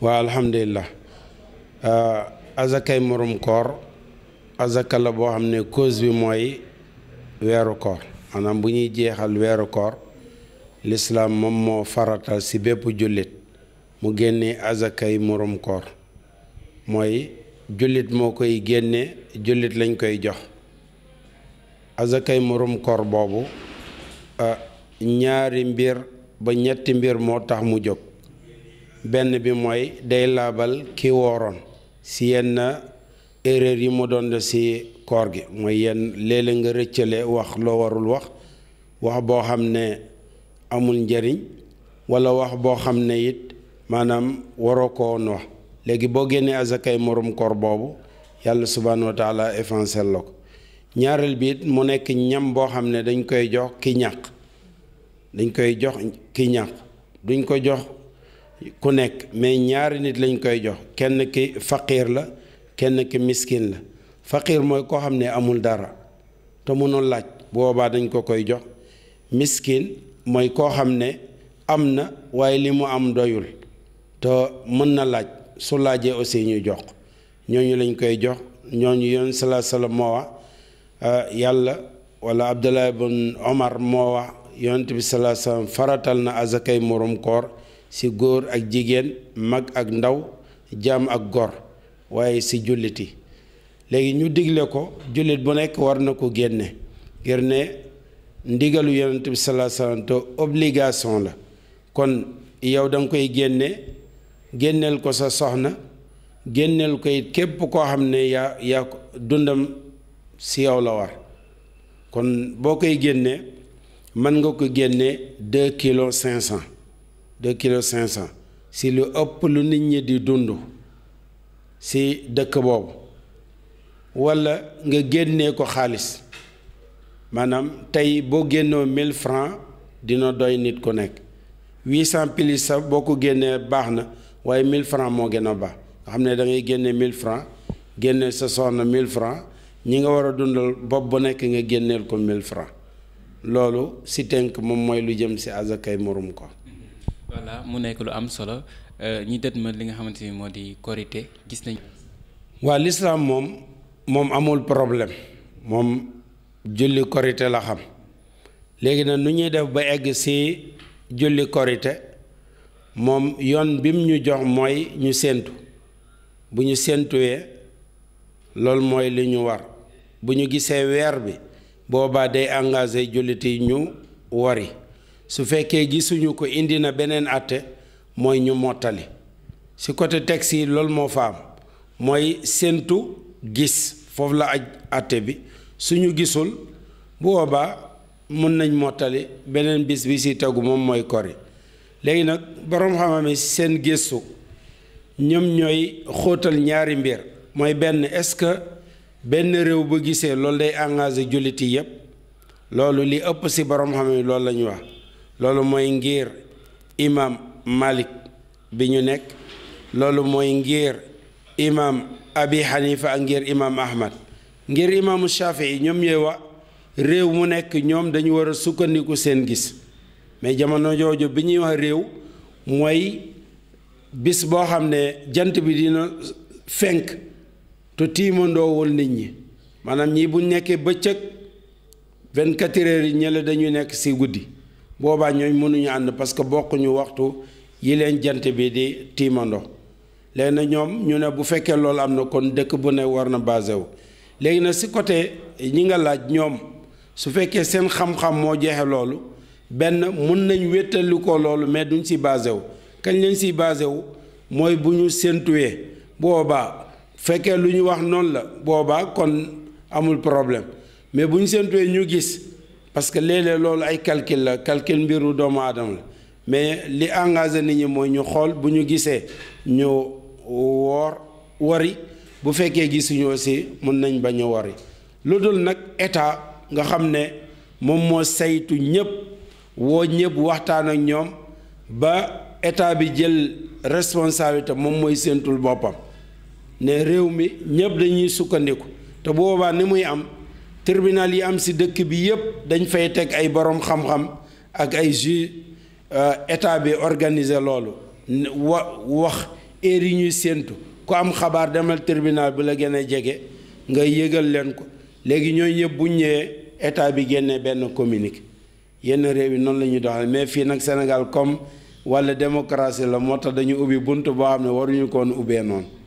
waa alhamdulilah euh, azakay morom koor azaka la boo xam ne cause bi mooy weeru koor maanaam bu ñuy jeexal weeru koor lislaam moom moo faratal ci bépp jullit mu génnee azakay morom koor mooy jullit moo koy génne jullit lañ koy jox azakay morom kor boobu ah, ñaari mbir ba ñetti mbir moo tax mu jóg benn bi mooy day laabal ki wooroon si yenn erreur yi mu doon def si koor gi mooy yenn léeg nga rëccale wax loo warul wax wax boo xam ne amul njariñ wala wax boo xam ne it maanaam waroo ko woon léegi boo génnee azakay morom koor boobu yàlla subhaanahu wa taala effacé la ko ñaareel biit mu nekk ñam boo xam ne dañ koy jox ki ñàq dañ koy jox ki ñàq duñ ko jox ku nekk mais ñaari nit lañ koy jox kenn ki faqiir la kenn ki miskin la faqiir mooy koo xam ne amul dara te mënul laaj boobaa dañ ko koy jox miskin mooy koo xam ne am na waaye li mu am doyul te mën na laaj su laajee aussi ñu jox ñooñu lañ koy jox ñooñu yoon salaa salaam Ah, yàlla wala abdullah ibn omar moo wax yonent bi salaa faratal na azakay morom koor si góor ak jigéen mag ak ndaw jaam ak gor waaye si yi léegi ñu digle ko jullit bu nekk war na ko génne ngir ne ndigalu yonent bi salaa te obligation la kon yow danga koy génne génneel ko sa soxna génneel ko it képp koo xam ne yaa yaa dundam si yow la war kon boo koy génnee mën nga ko génnee deux kilos cinq cent deux kilos cinq cent si lu ëpp lu nit ñi di dund si dëkk boobu walla nga génnee ko xaalis maanaam tey boo génnoo mille francs dina doy nit ku nekk huit cent pilis sa boo ko génnee baax na waaye mille francs moo gën a baax nga xam ne dangay ngay génne mille francs génne sa soxna mille francs ñi nga war a dundal bopp bu nekk nga génneel ko 1000 francs loolu si tënk moom mooy lu jëm si azakay morom ko voilà mu nekk lu am solo euh, ñi dët ma li nga xamante ni moo di korité gis nañ waa lislaam moom moom amul problème moom julli korité la xam léegi na nu ñuy def ba egg si julli korité moom yoon bim ñu jox mooy ñu séentu bu ñu séentuwee loolu mooy li ñu war bu ñu gisee weer bi boobaa day engagé jullit yi ñu wari su fekkee gisuñu ko indi na beneen àtte mooy ñu mottali si côté texte yi loolu moo fa am mooy séentu gis foofu la aj àtte bi suñu gisul booba boobaa mun nañ mottali beneen bis bi si tegu moom mooy kori léegi nag boroom xam yi seen gëstu ñoom ñooy xóotal ñaari mbir mooy benn est-ce que benn réew bu gisee loolu day engagé jullit yi yépp loolu li ëpp ci borom xam loolu la ñu wax loolu mooy ngir imam malik bi ñu nekk loolu mooy ngir imam abi xanifa ak ngir imam ahmad ngir imaamu shafii ñoom ñooy wax réew mu nekk ñoom dañu war a sukkandiku seen gis mais jamono jooju bi ñuy wax réew mooy bis boo xam ne jant bi dina fenk te tiimandoowul nit ñi maanaam ñii bu nekkee bëccëg 24 heures yi ñële dañuy nekk si guddi boobaa ñooñ mënuñu ànd parce que bokkuñu waxtu yi leen jant bi di tiimandoo léegi na ñoom ñu ne bu fekkee loolu am na kon dëkk bu ne war na basé wu léegi na si côté ñi nga laaj ñoom su fekkee seen xam-xam moo jeexe loolu benn mun nañ wéttali ko loolu mais duñ si basé wu kañ lañ si basé wu mooy bu ñu séentuwee boobaa fekkee lu ñu wax noonu la boobaa kon amul problème mais bu ñu séentuwee ñu gis parce que léeg loolu ay calcul la calcul mbiru doomu aadama la mais li engagé nit mooy ñu xool bu ñu gisee ñu woor wari bu fekkee gisuñu aussi mun nañ ba ñu wari lu dul nag état nga xam ne moom moo saytu ñëpp woo ñëpp waxtaan ak ñoom ba état bi jël responsabilité moom mooy séentul boppam ne réew mi ñëpp dañuy sukkandiku te boobaa ni muy am tribunal yi am si dëkk bi yépp dañ fay teg ay borom xam-xam ak ay juge euh, état bi organiser loolu wa wax heure yi ñuy séentu ku am xabaar demal tribunal bi la gën a jege nga yëgal leen ko léegi ñooy ñëpp bu ñëwee état bi génnee benn communiqué yenn réew yi noonu la ñuy doxal mais fii nag Sénégal comme wala démocratie la moo tax dañu ubbi bunt boo xam ne waruñu koon ubbee noonu